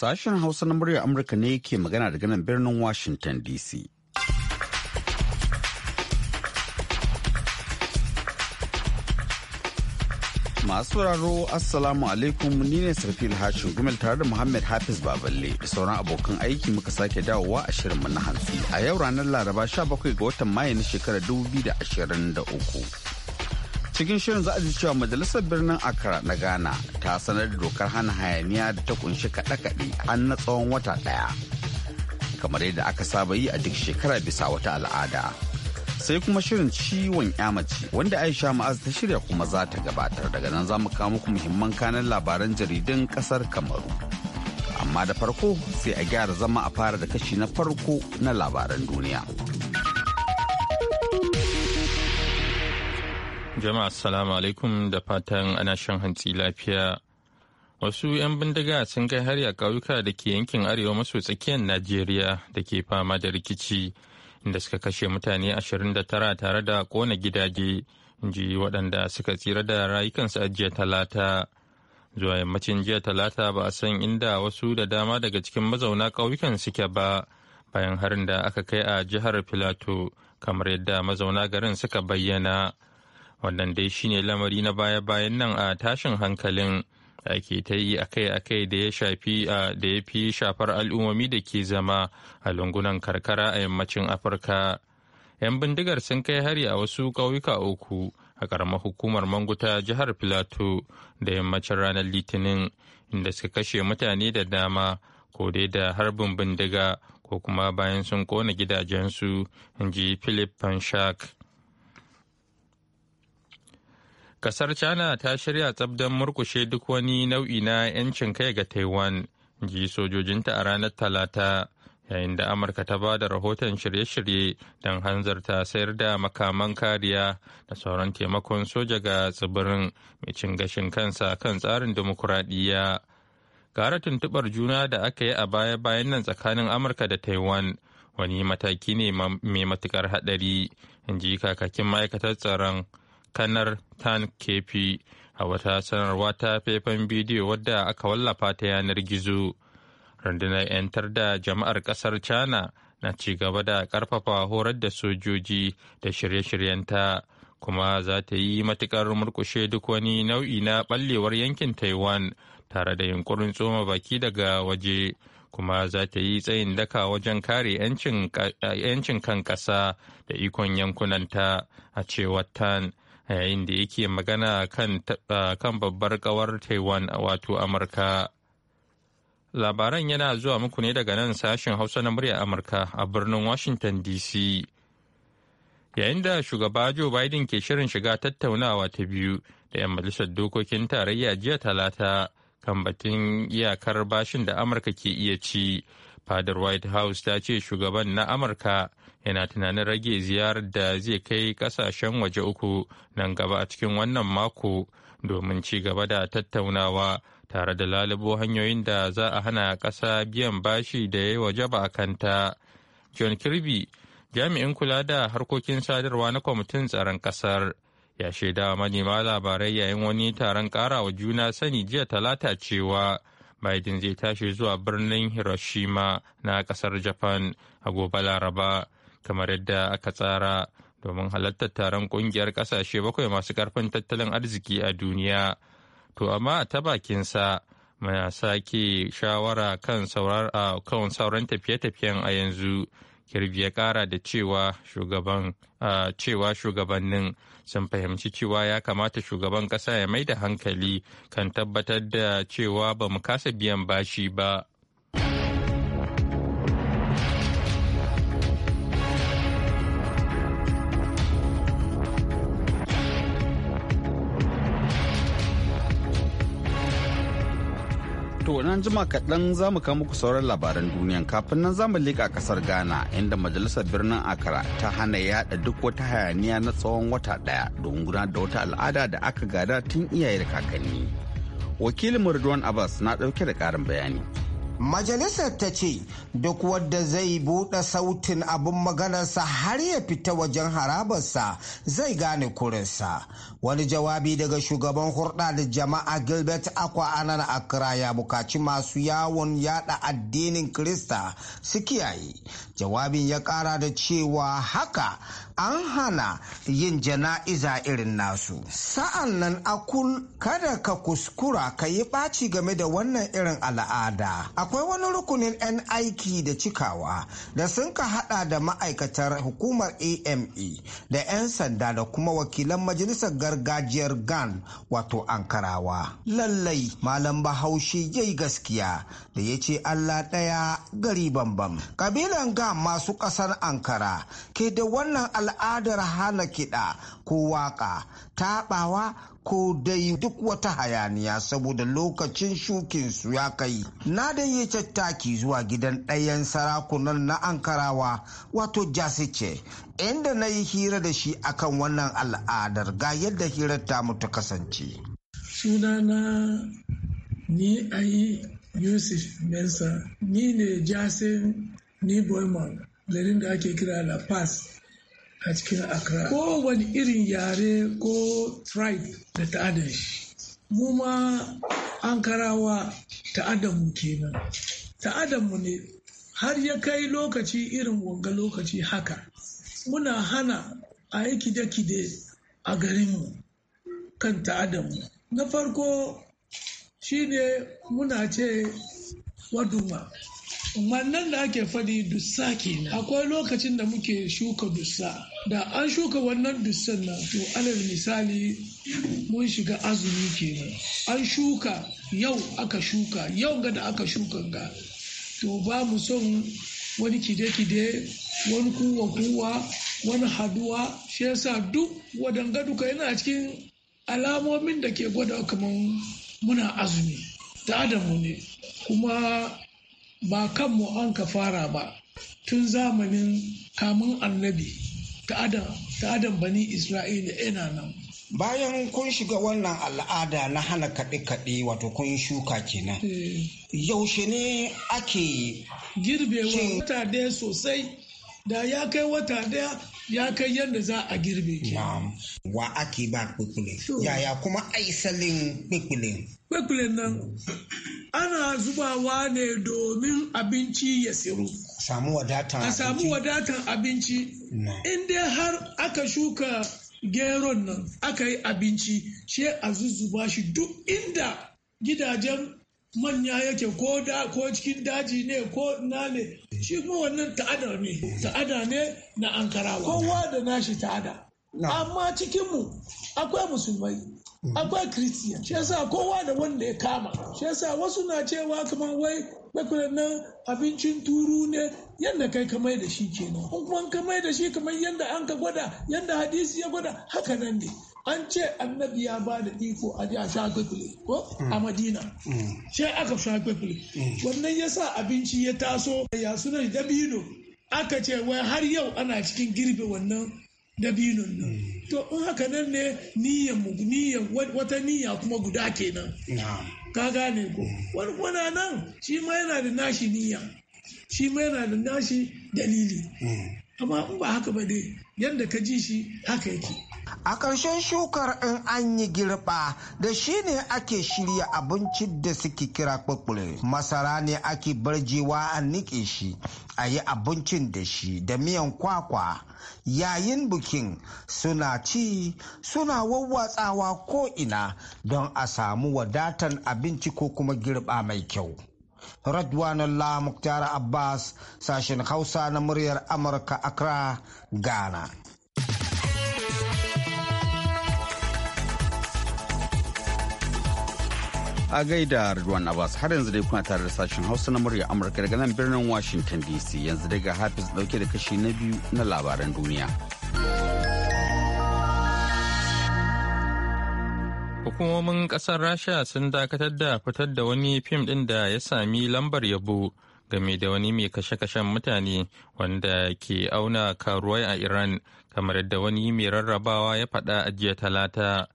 Sashen Hausa na muryar Amurka ne ke magana daga nan birnin Washington DC. Masu sauraro Assalamu alaikum ni ne Sarfil Hashin Gumel tare da Muhammad Hafiz Baballe da sauran abokan aiki muka sake dawowa a shirinmu na hantsi a yau ranar Laraba 17 ga watan Mayu na shekarar 2023. cikin shirin za a ji cewa majalisar birnin accra na ghana ta sanar da dokar hana hayaniya da ta kunshi kaɗe-kaɗe an na tsawon wata ɗaya kamar yadda aka saba yi a duk shekara bisa wata al'ada sai kuma shirin ciwon yamaci wanda aisha ma'az ta shirya kuma za ta gabatar daga nan za mu kawo muku muhimman kanan labaran jaridun kasar kamaru amma da farko sai a gyara zama a fara da kashi na farko na labaran duniya. Jama'a assalamu alaikum da fatan ana shan hantsi lafiya. Wasu 'yan bindiga sun kai hari a ƙauyuka da ke yankin arewa maso tsakiyar Najeriya da ke fama da rikici inda suka kashe mutane 29 tare da kona gidaje ji waɗanda suka tsira da rayukansu a jiya talata. Zuwa yammacin jiya talata ba a san inda wasu da dama daga cikin mazauna ƙauyukan suke ba bayan harin da aka kai a jihar Filato kamar yadda mazauna garin suka bayyana. wannan dai shine lamari na baya-bayan nan a tashin hankalin ake ta yi akai-akai da ya shafi da ya fi shafar al'ummomi da ke zama a lungunan karkara a yammacin afirka 'yan bindigar sun kai hari a wasu ƙauyuka uku a ƙaramar hukumar manguta jihar filato da yammacin ranar litinin inda suka kashe mutane da dama ko dai da harbin bindiga ko kuma bayan sun kona gidajensu in ji philip panshak Kasar China ta shirya tsabdan murkushe duk wani nau'i na 'yancin kai ga Taiwan, ji sojojinta a ranar Talata, yayin da Amurka ta ba da rahoton shirye-shirye don hanzarta sayar da makaman kariya da sauran taimakon soja ga tsibirin mai cin gashin kansa kan tsarin dimokuraɗiyya. Gara tuntuɓar juna da aka yi a baya-bayan nan tsakanin Amurka da Taiwan. wani mataki ne mai matukar haɗari in ji kakakin ma'aikatar tsaron kanar tan kefi a wata sanarwa ta faifan bidiyo wadda aka wallafa ta yanar gizo rundunar 'yantar da jama'ar kasar china na cigaba da karfafa horar da sojoji da shirye-shiryenta kuma za ta yi matukar murkushe duk wani nau'i na ballewar yankin taiwan tare da yunkurin tsoma baki daga waje kuma za ta yi tsayin daka wajen kare 'yancin kan ƙasa da ikon yankunanta a cewar tan yayin da yake magana kan babbar kawar taiwan wato amurka labaran yana zuwa muku ne daga nan sashen hausa na murya amurka a birnin washington dc yayin da shugaba joe biden ke shirin shiga tattaunawa ta biyu da 'yan majalisar dokokin tarayya jiya talata kan batun iyakar bashin da amurka ke iya ci fadar white house ta ce shugaban na amurka yana tunanin rage ziyarar da zai kai kasashen waje uku nan gaba a cikin wannan mako domin ci gaba da tattaunawa tare da lalubo hanyoyin da za a hana kasa biyan bashi da ya waje ba a kanta john kirby jami'in kula da harkokin sadarwa na kwamitin tsaron kasar ya shaida manema labarai yayin wani taron ƙarawa juna sani jiya talata cewa Biden zai tashi zuwa birnin Hiroshima na kasar Japan a gobe Laraba, kamar yadda aka tsara domin halartar taron kungiyar kasashe bakwai masu karfin tattalin arziki a duniya. To, amma ta bakinsa, muna sake shawara kan sauran tafiye-tafiyen a yanzu. kirby ya kara da cewa shugaban cewa shugabannin sun fahimci cewa ya kamata shugaban ƙasa ya mai da hankali kan tabbatar da cewa ba mu kasa biyan bashi ba to nan jima kaɗan za mu kawo muku sauran labaran duniyan kafin nan za mu leƙa ƙasar Ghana inda majalisar birnin Accra ta hana yaɗa duk wata hayaniya na tsawon wata ɗaya don gudanar da wata al'ada da aka gada tun iyaye da kakanni. Wakilin Murduwan Abbas na ɗauke da ƙarin bayani. Majalisar ta ce duk wadda zai buɗe sautin abin maganarsa har ya fita wajen harabarsa zai gane kurinsa. Wani jawabi daga shugaban hurɗa da jama'a Gilbert Akwa Anan Accra ya bukaci masu yawon yada addinin Krista su kiyaye. Jawabin ya ƙara da cewa haka an hana yin jana'iza irin nasu sa'an nan akul kada ka kuskura ka yi ɓaci game da wannan irin al'ada akwai wani rukunin 'yan aiki da cikawa da sun ka hada da ma'aikatar hukumar ame da 'yan sanda da kuma wakilan majalisar gargajiyar gan wato ankarawa lallai malam bahaushe yayi gaskiya da ya ce allah ɗaya gari bambam kabilan gan masu ƙasar ankara ke da wannan al al'adar hana kiɗa ko waƙa taɓawa ko dai duk wata hayaniya saboda lokacin shukin su ya kai na da yi tattaki zuwa gidan ɗayan sarakunan na ankarawa wato jasice inda na yi hira da shi akan wannan al'adar ga yadda hirar mu ta kasance sunana ni ayi yusuf mensa ni ne jasin ni boyman garin da ake kira la pass. a cikin Accra. Kowane irin yare ko tribe da ta'adar shi. Mu ma an karawa mu kenan. mu ne har ya kai lokaci irin wanga lokaci haka. Muna hana a yi kide-kide a garinmu kan mu Na farko shi ne muna ce waduma wannan da ake faɗi dussa ke akwai lokacin da muke shuka dussa da an shuka wannan dussan nan to alal misali mun shiga azumi kenan an shuka yau aka shuka yau ga da aka shuka ga to ba mu son wani kide-kide wani kuwa-kuwa wani haduwa shi yasa duk wadanga duka yana cikin alamomin da ke gwada kamar muna azumi ta adamu ne kuma ba kanmu an ka fara ba tun zamanin kamun annabi ta adam bani isra'ila ina nan bayan kun shiga wannan al'ada na hana kaɗe-kaɗe wato kun shuka kenan eh. yaushe ne ake girbewa wata daya sosai da ya kai wata daya ya kai yadda za a girbe ke wa ake ba kwekwule yaya kuma aisalin kwekwule kwekwule nan ana zubawa ne domin abinci ya siru a samu wadatan abinci in dai har aka shuka geron nan aka yi abinci shi a zuzzuba shi duk inda gidajen manya yake ko da ko cikin daji ne ko na ne shi kuma wannan ta'ada ne ta'ada ne na ankarawa kowa da nashi ta'ada amma cikinmu akwai musulmai Mm. akwai christian shi yasa kowa da wanda ya kama shi yasa wasu na cewa kamar wai bakwai nan abincin turu ne yadda kai kamai da shi kenan in kuma kamai da shi kamar yadda an ka gwada yadda hadisi ya gwada haka nan ne an ce annabi ya ba da iko a a sha kwekule ko a mm. madina mm. shi aka sha kwekule wannan ya sa abinci ya taso ya suna dabino aka ce wai har yau ana cikin girbe wannan dabinun nan mm. to in haka nan ne niyyar mu niyyar wata niyya kuma guda kenan ka gane ko mm. wani nan shi ma yana da nashi niyya shi ma yana da nashi dalili mm. amma in ba haka ba dai yadda ka ji shi haka yake A ƙarshen shukar in an yi girba da shi ne ake shirya abinci da suke kira kpukpule, Masara ne ake barjewa a niƙe shi, a yi abincin da shi da miyan kwakwa. Yayin bikin suna ci suna wawwatsawa ko'ina don a samu wadatan abinci ko kuma girba mai kyau. Radwanallah Muktar Abbas sashen Hausa na muryar Amurka Accra, Ghana. a gaida Ridwan Abbas har yanzu dai kuna tare da sashen Hausa na murya Amurka daga nan birnin Washington DC yanzu daga Hafiz dauke da kashi na biyu na labaran duniya. Hukumomin kasar Rasha sun dakatar da fitar da wani fim din da ya sami lambar yabo game da wani mai kashe-kashen mutane wanda ke auna karuwai a Iran kamar yadda wani mai rarrabawa ya faɗa a jiya talata.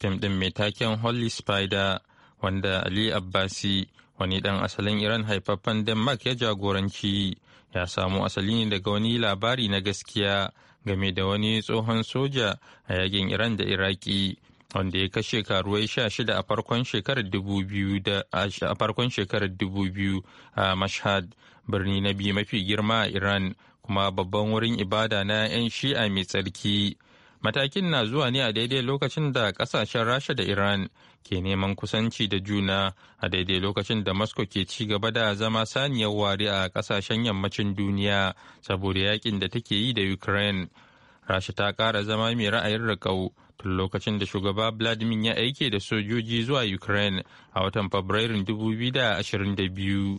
Fim din mai taken Holy Spider wanda Ali Abbasi wani ɗan asalin Iran haifaffen Denmark ya jagoranci ya samo asali ne daga wani labari na gaskiya game da wani tsohon soja a yakin Iran da Iraki wanda ya kashe karuwai sha shida farkon shekarar a farkon shekarar dubu biyu a Mashhad birni na biyu mafi girma a Iran kuma babban wurin ibada na 'yan shi'a mai tsarki. Matakin na zuwa ne a daidai lokacin da kasashen Rasha da Iran ke neman kusanci da juna a daidai lokacin da Moscow ke ci gaba da zama saniyar wari a kasashen yammacin duniya saboda yakin da take yi da Ukraine. Rasha ta kara zama mai ra'ayin riƙau tun lokacin da shugaba Vladimir ya aike da sojoji zuwa Ukraine a watan Fabrairun 2022.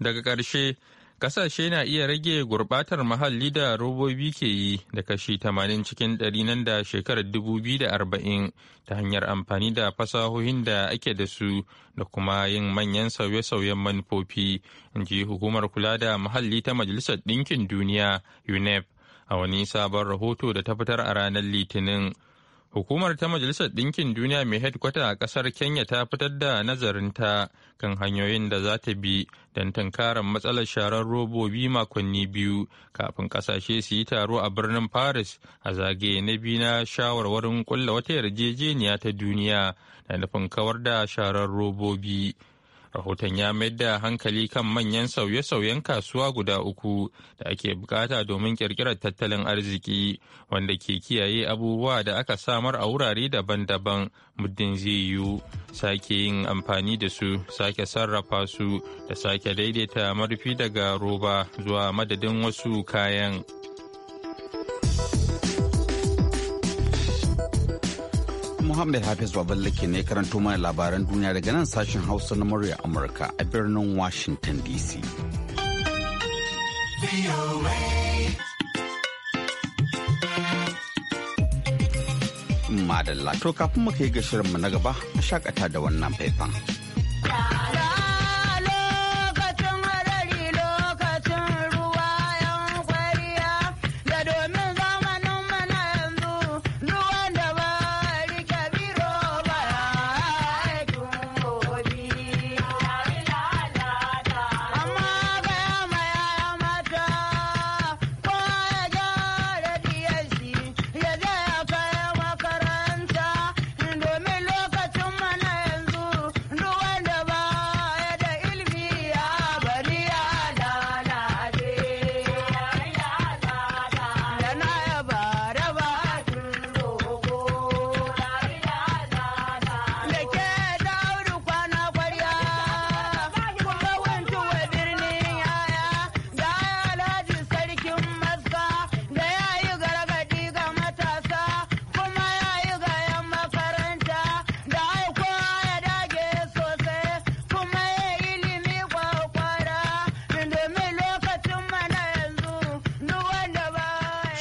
Daga ƙarshe, kasashe na iya rage gurbatar muhalli da robobi ke yi da kashi 80 cikin ɗari nan da shekarar 2040 ta hanyar amfani da fasahohin da ake da su da kuma yin manyan sauye-sauyen manufofi, in ji hukumar kula da muhalli ta Majalisar Ɗinkin Duniya UNEP a wani sabon rahoto da ta fitar a ranar Litinin. Hukumar ta Majalisar Ɗinkin Duniya mai hedkwata a ƙasar Kenya ta fitar da nazarinta kan hanyoyin da za ta bi don tunkarar matsalar sharar robobi makonni biyu kafin ƙasashe su yi taro a birnin Paris a zagaye na biyu na shawarwarin ƙulla wata yarjejeniya ta duniya da nufin kawar da sharar robobi. rahoton ya mayar da hankali kan manyan sauye-sauyen kasuwa guda uku da ake bukata domin kirkirar tattalin arziki wanda ke kiyaye abubuwa da aka samar a wurare daban-daban muddin zai yiwu sake yin amfani da su sake sarrafa su da sake daidaita marfi daga roba zuwa madadin wasu kayan. Muhammad Hafiz Baballake ne karanto mana labaran duniya daga nan sashen Hausa na murya Amurka a birnin Washington DC. Madalla to kafin muka yi shirinmu na gaba a shakata da wannan faifan.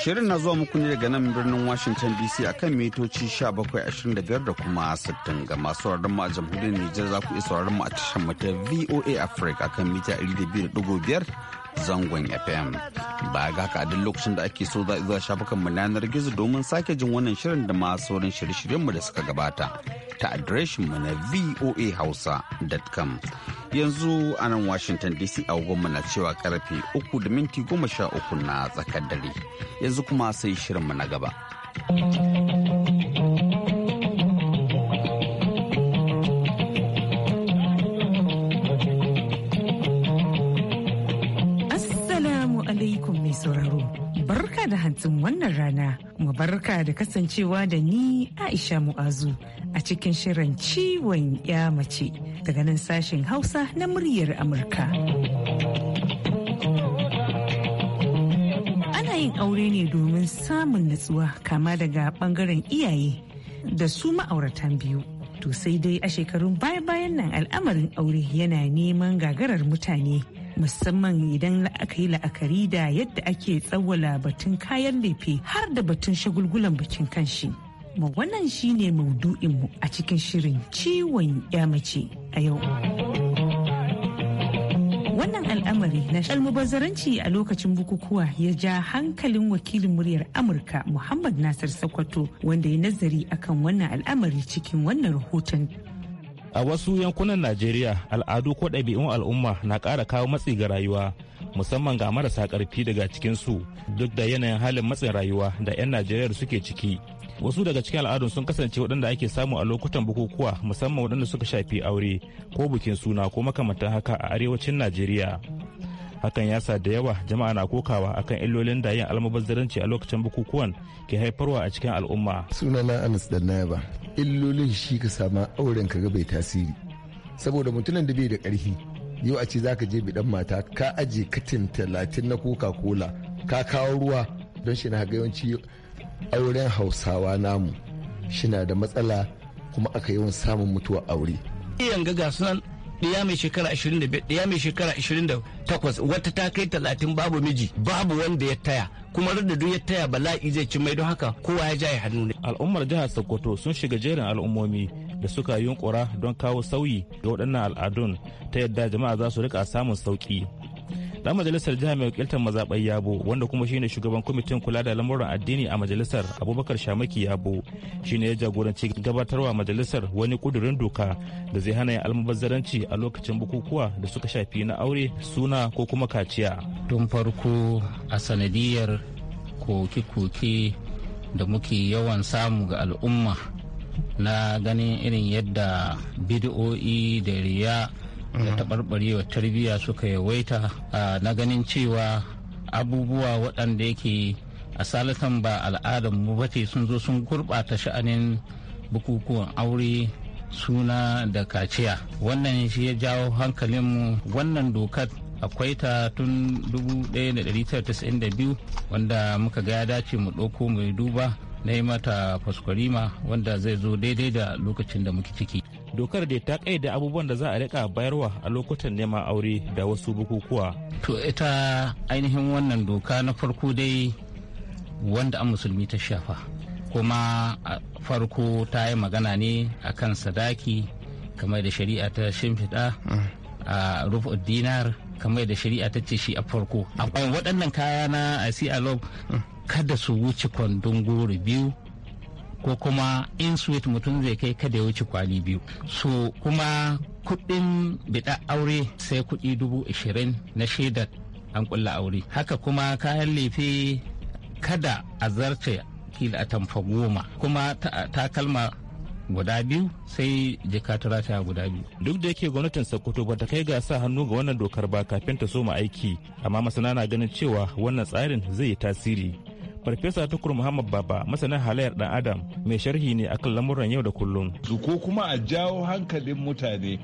Shirin na zuwa muku ne daga nan birnin Washington DC akan mitoci 1725 da kuma 60 ga masu sauraron mu a jamhuriyar Nijar za ku iya sauraron mu a tashar mu VOA Africa akan mita 200.5 zangon FM. Ba ga haka a duk lokacin da ake so za a zuwa shafukanmu na yanar gizo domin sake jin wannan shirin da masu sauran shirye mu da suka gabata ta mu na voahausa.com. Yanzu a nan Washington DC agogonmu na cewa karfe uku da minti goma sha uku na tsakar dare. Yanzu kuma sai shirin mu na gaba. alaikum mai sauraro. Barka da hantsin wannan rana, mu barka da kasancewa da ni Aisha Mu'azu a cikin shirin ciwon ya mace daga nan sashen Hausa na muryar Amurka. Ana yin aure ne domin samun natsuwa kama daga bangaren iyaye da su ma'auratan biyu. To sai dai a shekarun baya-bayan nan al'amarin aure yana neman gagarar mutane. musamman idan aka yi la'akari da yadda ake tsawwala batun kayan lefe har da batun shagulgulan bikin kanshi. Ma wannan shine maudu'inmu a cikin shirin ciwon ya mace a yau. wannan al'amari na almubazzaranci a lokacin bukukuwa ya ja hankalin wakilin muryar amurka muhammad nasir sakwato wanda ya nazari akan wannan al'amari cikin wannan rahoton a wasu yankunan najeriya al'adu ko ɗabi'un al'umma na ƙara kawo matsi ga rayuwa musamman ga marasa ƙarfi daga cikinsu duk da yanayin halin matsin rayuwa da 'yan najeriya suke ciki wasu daga cikin al'adun sun kasance waɗanda ake samu a lokutan bukukuwa musamman waɗanda suka shafi aure ko bukin suna ko makamantan haka a arewacin najeriya hakan ya sa da yawa jama'a na kokawa akan illolin da yin almubazzaranci a lokacin bukukuwan ke haifarwa a cikin al'umma sunana anas ba illolin shi ka sama auren ka ga bai tasiri saboda mutunan da bai da karfi yau a ce zaka je bidan mata ka aje katin talatin na coca cola ka kawo ruwa don shi na yawanci auren hausawa namu shi na da matsala kuma aka yawan samun mutuwa aure. Iyan gaga sunan ɗaya mai shekara 25 ɗaya mai shekara 28 wata ta kai talatin babu miji babu wanda ya taya kuma da duk ya taya bala'i zai ci mai don haka kowa ya jaye hannu ne. Al'ummar jihar Sokoto sun shiga jerin al'ummomi da suka yunkura don kawo sauyi ga waɗannan al'adun ta yadda jama'a za su rika samun sauƙi. dan majalisar jiha mai wakiltar mazaɓar yabo wanda kuma shine shugaban kwamitin kula da lamuran addini a majalisar abubakar shamaki yabo shine ya jagoranci gabatarwa majalisar wani kudurin doka da zai hana yin almubazzaranci a lokacin bukukuwa da suka shafi na aure suna ko kuma kaciya tun farko a sanadiyar koke-koke da muke yawan samu ga al'umma na ganin irin yadda bid'o'i da riya da taɓarɓarewar tarbiyya suka yawaita na ganin cewa abubuwa waɗanda yake a salatan ba al'adar mu bace sun zo sun gurɓata sha'anin bukukuwan aure suna da kaciya wannan shi ya jawo hankalinmu wannan dokar akwai ta tun 1992 wanda muka ga ya dace mu ɗauko mai duba na yi mata faskwarima wanda zai zo daidai da lokacin da muke ciki dokar da ta da abubuwan da za a rika bayarwa a lokutan neman aure da wasu bukukuwa to ita ainihin wannan doka na farko dai wanda an musulmi ta shafa kuma farko ta yi magana ne akan sadaki kamar da shari'a ta shimfiɗa a rufe dinar kamar da shari'a ta ce shi a farko akwai waɗannan kaya na a kada su wuce kwandon goro biyu ko kuma in sweet mutum zai kai kada ya wuce kwali biyu so kuma kudin bida aure sai kudi dubu ashirin na shaidar an kulla aure haka kuma kayan lefe kada a zarce kila a tamfa goma kuma takalma guda biyu sai jika turata guda biyu. Duk da yake gwamnatin Sokoto bata kai ga sa hannu ga wannan dokar ba kafin ta soma aiki, amma masana na ganin cewa wannan tsarin zai yi tasiri. farfesa tukur muhammad baba masanin halayyar dan adam mai sharhi ne akan lamuran yau da kullum ko kuma a jawo hankalin mutane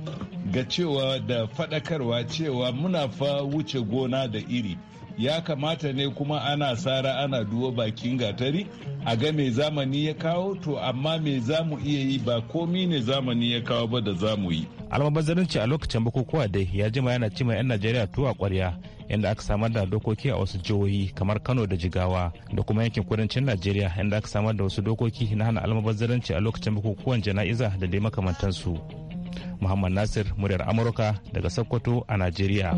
ga cewa da faɗakarwa cewa muna fa wuce gona da iri ya kamata ne kuma ana sara ana duwa bakin gatari a ga mai zamani ya kawo to amma mai zamu iya yi ba komi ne zamani ya kawo ba da zamu yi almabazzarinci a lokacin bukukuwa dai ya jima yana cima 'yan najeriya tuwa kwarya inda aka samar da dokoki a wasu jihohi kamar kano da jigawa da kuma yankin kudancin najeriya inda aka samar da wasu dokoki na hana almabazzaranci a lokacin bukukuwan jana'iza da dai makamantansu muhammad nasir muryar amurka daga sokoto a najeriya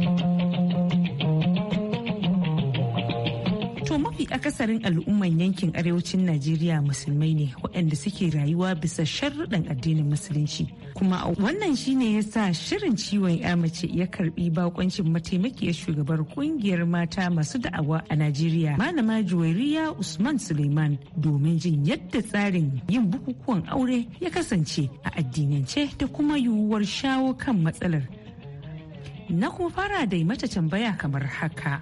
kuma mafi akasarin al'umman yankin arewacin najeriya musulmai ne waɗanda suke rayuwa bisa sharruɗan addinin musulunci kuma wannan ne ya sa shirin ciwon ya mace ya karbi bakoncin mataimakiyar shugabar kungiyar mata masu da'awa a najeriya malama juwairiya usman suleiman domin jin yadda tsarin yin bukukuwan aure ya kasance a addinance da kuma yiwuwar shawo kan matsalar na kuma fara da mata tambaya kamar haka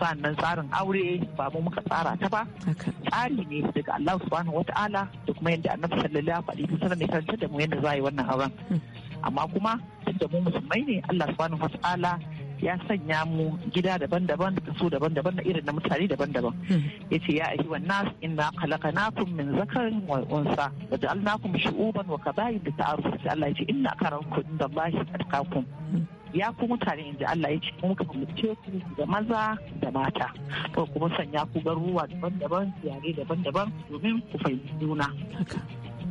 sannan tsarin aure ba mu muka tsara ta ba tsari ne daga Allah subhanahu wata'ala da kuma yadda annabi sallallahu alaihi wasallam ya karanta da mu yadda za a yi wannan auren hmm. amma kuma duk da mu musulmai ne Allah subhanahu wata'ala ya sanya mu gida daban-daban da so daban-daban na irin na mutane daban-daban hmm. ya ce ya ayyuhan nas inna khalaqnakum min zakarin wa unsa wa ja'alnakum shu'uban wa qabail ta'arufu Allah ya ce inna akramkum indallahi atqakum hmm. ya ku mutane inda Allah ya ce muka ce ku da maza da mata ko kuma sanya ku garuruwa daban-daban yare daban-daban domin ku fahimci juna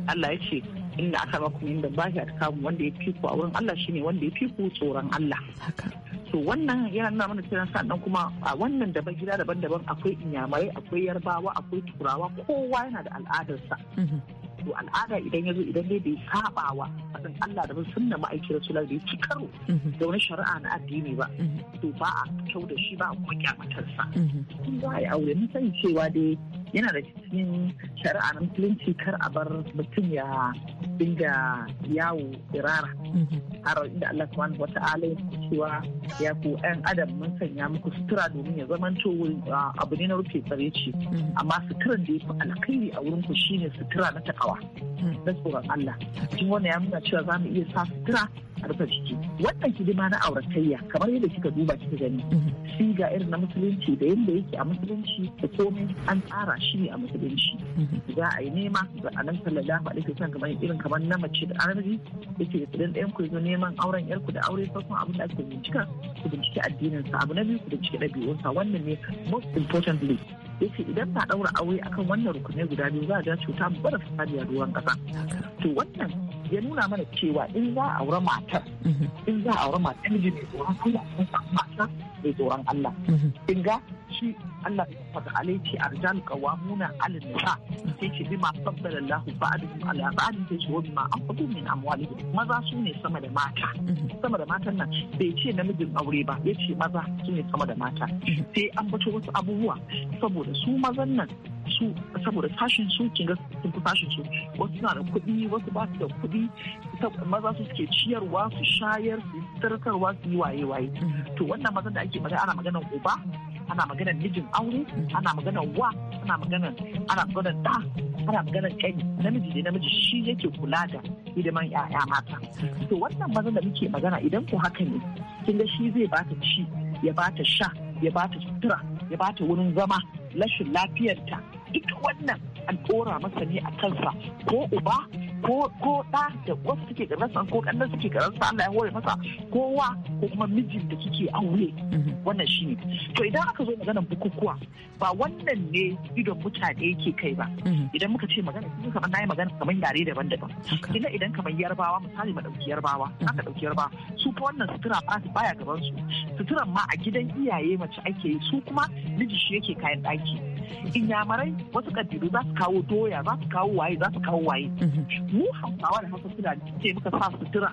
Allah ya ce inda aka ba ku da ba a kawo wanda ya fi ku a wurin Allah shine wanda ya fi ku tsoron Allah to wannan yana nuna mana cewa sannan kuma a wannan da gida daban-daban akwai inyamai akwai yarbawa akwai turawa kowa yana da al'adarsa mhm. to al'ada idan ya zo idan dai bai saba wa faɗin Allah da sunna ma'aikin rasulullah bai ci karo mhm. da wani shari'a na addini ba mhm. to ba a kyau da shi ba a kuma kyamatarsa. Mhm. Kun za a yi aure mun sani cewa dai yana da cikin shari'a na musulunci kar a bar mutum ya dinga yawo irara har inda Allah subhanahu wa ta'ala ya cewa ya ku ɗan adam mun sanya muku sutura domin ya zama abu ne na rufe tsare ce amma suturan da ya fi alkhairi a wurin ku shine sutura na takawa na tsoron Allah cikin wannan ya nuna cewa za mu iya sa sutura karfar jiki wannan hidima na auratayya kamar yadda kika duba kika gani mhm. shi ga irin na musulunci da yadda yake a musulunci da komai an tsara shi ne a musulunci mhm. za a yi nema da anan sallallahu alaihi wasallam kamar irin kamar na mace da arziki yake da idan ɗayan ku zo neman auren yarku da aure kuma abin da ake bincika ku bincike addinin sa abu na biyu ku bincike sa wannan ne most importantly yake idan ba daura aure akan wannan rukunai guda biyu za a ja cuta bara fasadiya ruwan kasa to wannan ya nuna mana cewa in za a aure matar mhm. in za a aure matar miji mai tsoron Allah sun samu mata mai tsoron Allah in mhm. ga shi Allah ya faɗa alaiki arjan qawamuna al nisa sai ce bima sabbala Allah ba'dhum ala ba'd sai ce bima anfaqu min amwalihim maza su ne sama da mata mhm. sama da matan nan bai ce namijin aure ba ya ce maza su ne sama da mata sai an bato wasu abubuwa saboda su mazan nan su saboda fashin su kinga ga sun fi fashin su wasu na da kuɗi wasu ba su da kuɗi maza su suke ciyarwa su shayar su tarkarwa su yi waye waye to wannan maza da ake magana ana magana uba ana magana mijin aure ana magana wa ana magana ana magana da ana magana kai namiji ne namiji shi yake kula da hidiman ya'ya mata to wannan maza da muke magana idan ku haka ne kin ga shi zai ba ta ci ya ba ta sha ya ba ta sutura ya ba ta wurin zama rashin lafiyarta ita wannan an tsora masa ne a kansa ko uba ko da da wasu suke karansa ko kannan suke garansa Allah ya hore masa kowa ko kuma mijin da suke aure mhm. wannan ne to idan aka zo maganar bukukuwa ba wannan ne idon mutane yake kai ba mhm. idan muka ce magana kuma kamar nayi magana kamar yare daban-daban idan idan kamar yarbawa misali ma dauki yarbawa mhm. aka dauki yarbawa su fa wannan sutura ba su baya gaban su suturan ma a gidan iyaye mace ake yi su kuma miji shi yake kayan daki inyamurai wasu kabilu za su kawo doya za su kawo waye za su kawo waye mhm. mu hausawa da hausa suna ce muka sa sutura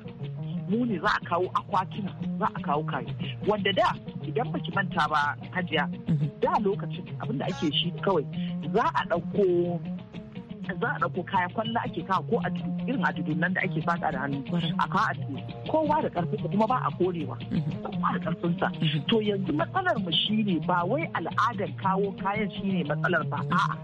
mu ne za a kawo akwatuna za a kawo kayi wanda da idan ki manta ba hajiya mhm. da lokacin abinda ake shi kawai za a ɗauko za a ɗauko kaya kwalla ake kawo ko a irin adudun nan da ake fata da hannu a kawo a kowa da ƙarfinsa kuma ba a korewa mhm. kowa da ƙarfinsa mhm. to yanzu matsalar mu shine ba wai al'adar kawo kayan shine matsalar ba a'a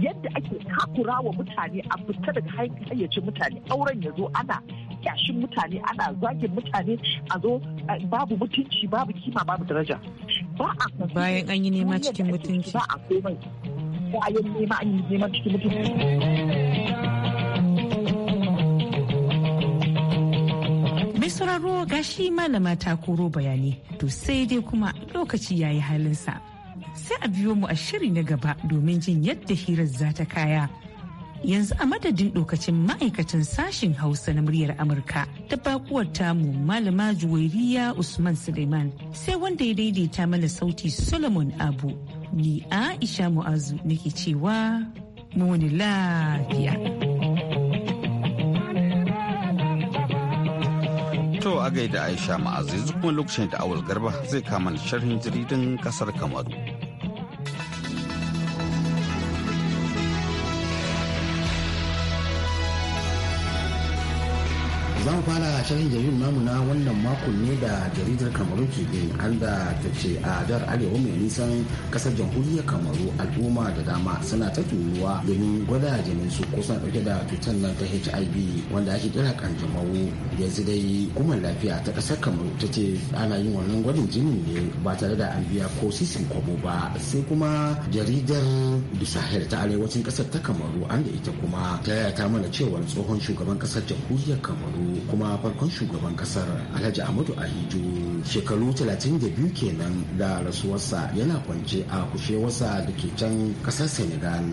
yadda ake kakura wa mutane a fita daga hayyacin mutane auren ya zo ana yashin mutane ana zagin mutane a zo babu mutunci babu kima babu daraja ba a bayan an yi nema cikin mutunci ba a komai ra'ayin nema a yi cikin sauraro gashi malama ta koro bayani to sai dai kuma lokaci ya yi halinsa sai a biyo mu a shiri na gaba domin jin yadda hirar za ta kaya yanzu a madadin lokacin ma'aikacin sashin hausa na muryar amurka ta bakuwar tamu malama juwairiya usman suleiman sai wanda ya daidaita mana sauti solomon abu ni Aisha Mu'azu nake cewa muni lafiya. To a gaida Aisha mu'azu, yanzu kuma lokacin da awal garba zai kama sharhin jaridan kasar Kamaru. za mu fara shirin jaridar namu na wannan makon ne da jaridar kamaru ke bin da ta ce a jihar arewa mai nisan kasar jamhuriyar kamaru al'umma da dama suna ta tunuwa domin gwada jinin su kusan dauke da cutar nan ta hiv wanda ake kira kanjamau yanzu dai kuma lafiya ta ƙasar kamaru ta ce ana yin wannan gwadin jinin ne ba tare da an biya ko sisin kwabo ba sai kuma jaridar dusahel ta arewacin ƙasar ta kamaru an da ita kuma ta yaya ta mana cewar tsohon shugaban ƙasar jamhuriyar kamaru kuma farkon shugaban kasar alhaji ahmadu ahiju shekaru 32 kenan da rasuwarsa yana kwance a kushewarsa da ke can kasar senegal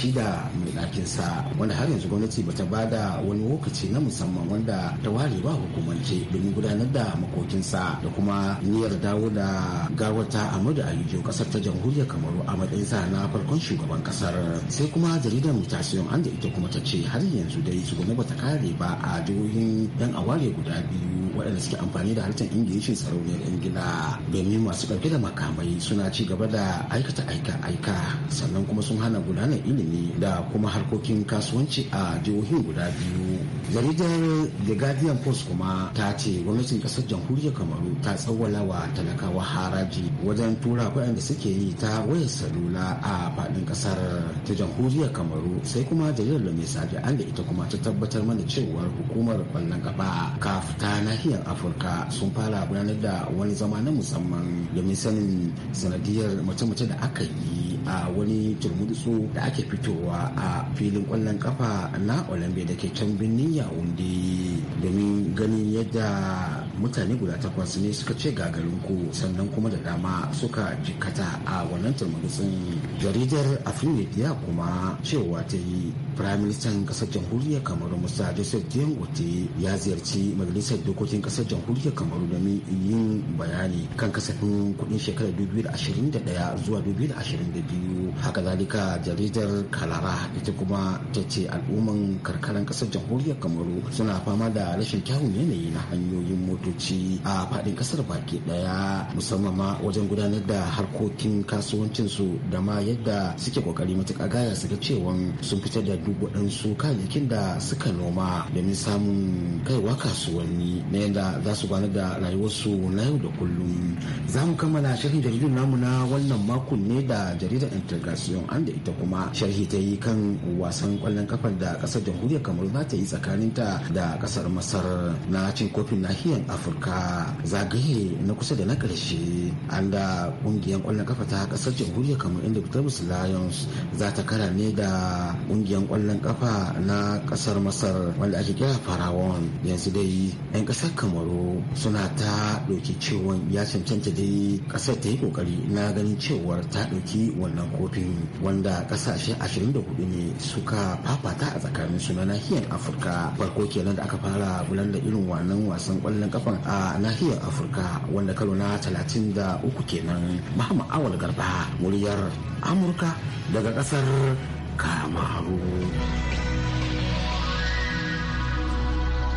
shi da mai ɗakinsa wanda har yanzu gwamnati bata ba da wani lokaci na musamman wanda ta ware ba hukumance domin gudanar da makokinsa da kuma niyyar dawo da gawarta amadu ahijo kasar ta jamhuriyar kamaru a matsayinsa na farkon shugaban kasar sai kuma jaridar mutasiyon an da ita kuma ta ce har yanzu dai su gwamnati bata kare ba a jihohin Dan yan aware guda biyu waɗanda suke amfani da harshen ingilishi sarauniyar ingila domin masu ɗauke da makamai suna ci gaba da aikata aika-aika sannan kuma sun hana gudanar ilimi da kuma harkokin kasuwanci a jihohin guda biyu jaridar the guardian post kuma ta ce gwamnatin ƙasar jamhuriyar kamaru ta tsawwala wa talakawa haraji wajen tura da suke yi ta wayar salula a faɗin ƙasar ta jamhuriyar kamaru sai kuma jaridar da mai sabi an da ita kuma ta tabbatar mana cewar hukumar kwallon na gaba ka ta nahiyar afirka sun fara gudanar da wani zama na musamman domin sanin sanadiyar mace-mace da aka yi a wani turmutsu da ake fitowa a filin kwallon kafa na olambe da ke can birnin yawon domin ganin yadda mutane guda takwas ne suka ce gagarin ku sannan kuma da dama suka jikata a wannan turmutsin jaridar ya kuma cewa ta yi prime minister kasar jamhuriyar kamaru musa joseph diangote ya ziyarci majalisar dokokin kasar jamhuriyar kamaru domin yin bayani kan kasafin kudin shekarar 2021 zuwa 2022 haka zalika jaridar kalara ita kuma ta ce al'umman karkaran kasar jamhuriyar kamaru suna fama da rashin kyawun yanayi na hanyoyin mota motoci a faɗin ƙasar baki ɗaya musamman ma wajen gudanar da harkokin kasuwancinsu da ma yadda suke ƙoƙari matuƙa gaya su ga cewa sun fitar da duk waɗansu kayayyakin da suka noma domin samun kaiwa kasuwanni na yadda za su gudanar da rayuwarsu na yau da kullum za mu kammala sharhin jaridun namu na wannan makon ne da jaridar integration an da ita kuma sharhi ta yi kan wasan kwallon kafar da ƙasar jamhuriyar kamaru za ta yi tsakaninta da ƙasar masar na cin kofin nahiyar afirka zagaye na kusa da na karshe an da ƙungiyar ƙwallon kafa ta kasar jamhuriyar kamar inda Victorious Lions za ta kara ne da ƙungiyar kwallon kafa na ƙasar Masar wanda ake kira Farawon yanzu dai 'yan ƙasar Kamaru suna ta ɗauki cewa ya cancanta dai ƙasar ta yi ƙoƙari na ganin cewar ta ɗauki wannan kofin wanda ƙasashe 24 ne suka fafata a tsakanin su na nahiyar Afirka farko kenan da aka fara bulan da irin wannan wasan ƙwallon kafa kofin a nahiyar afirka wanda karo na 33 kenan mahama awal garba muryar amurka daga kasar kamaru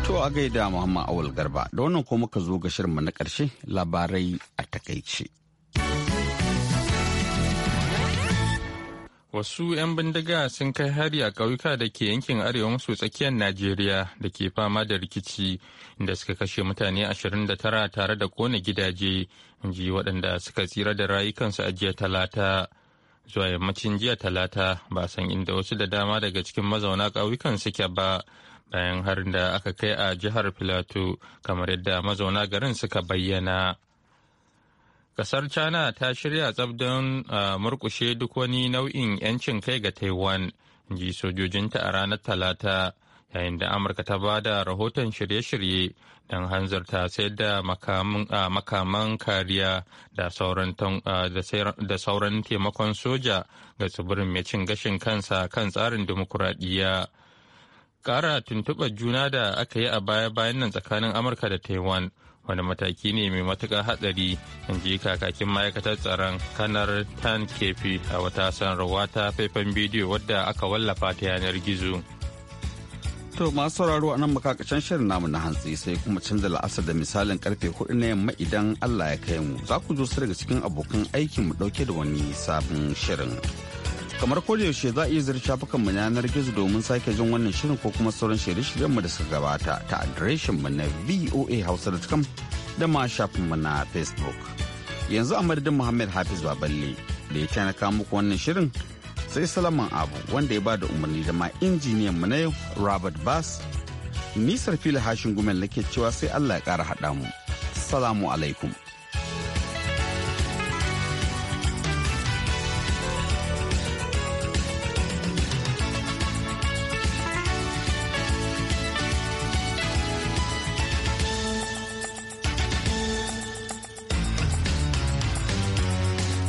to a gaida muhammad awal garba da wannan ko muka zo ga shirinmu na karshe labarai a takaice wasu 'yan bindiga sun kai hari a ƙauyuka da ke yankin arewa maso tsakiyar najeriya da ke fama da rikici da suka kashe mutane 29 tare da kone gidaje ji waɗanda suka tsira da rayukansu a jiya talata zuwa yammacin jiya talata ba san inda wasu da dama daga cikin mazauna ƙauyukan suke ba bayan harin da aka kai a jihar filato kamar yadda mazauna garin suka bayyana Kasar China ta shirya tsab don murkushe duk wani nau'in 'yancin kai ga Taiwan, ji sojojinta a ranar Talata, yayin da Amurka ta ba da rahoton shirye-shirye don hanzarta sayar da makaman kariya da sauran taimakon soja ga tsibirin mai cin gashin kansa kan tsarin dimokuraɗiyya. Ƙara tuntuɓar juna da aka yi a baya-bayan nan tsakanin Amurka da Taiwan wani mataki ne mai matukar hatsari in ji kakakin ma'aikatar tsaron kanar tan kefi a wata sanarwa ta faifan bidiyo wadda aka wallafa ta yanar gizo to masu sauraro a nan makakacin shirin namu na hantsi sai kuma canza la'asar da misalin karfe hudu na yamma idan allah ya kai mu za ku zo su daga cikin abokan aikin mu dauke da wani sabon shirin kamar ko yaushe za a iya zira shafukanmu na yanar gizo domin sake jin wannan shirin ko kuma sauran shirye mu da suka gabata ta adireshinmu na voa hausa.com da ma shafinmu na facebook yanzu a madadin muhammad hafiz baballe da ya tanaka muku wannan shirin sai salaman abu wanda ya ba da umarni da ma injiniyan mu na yau robert bass nisar fili hashin gumel nake cewa sai allah ya kara haɗa mu salamu alaikum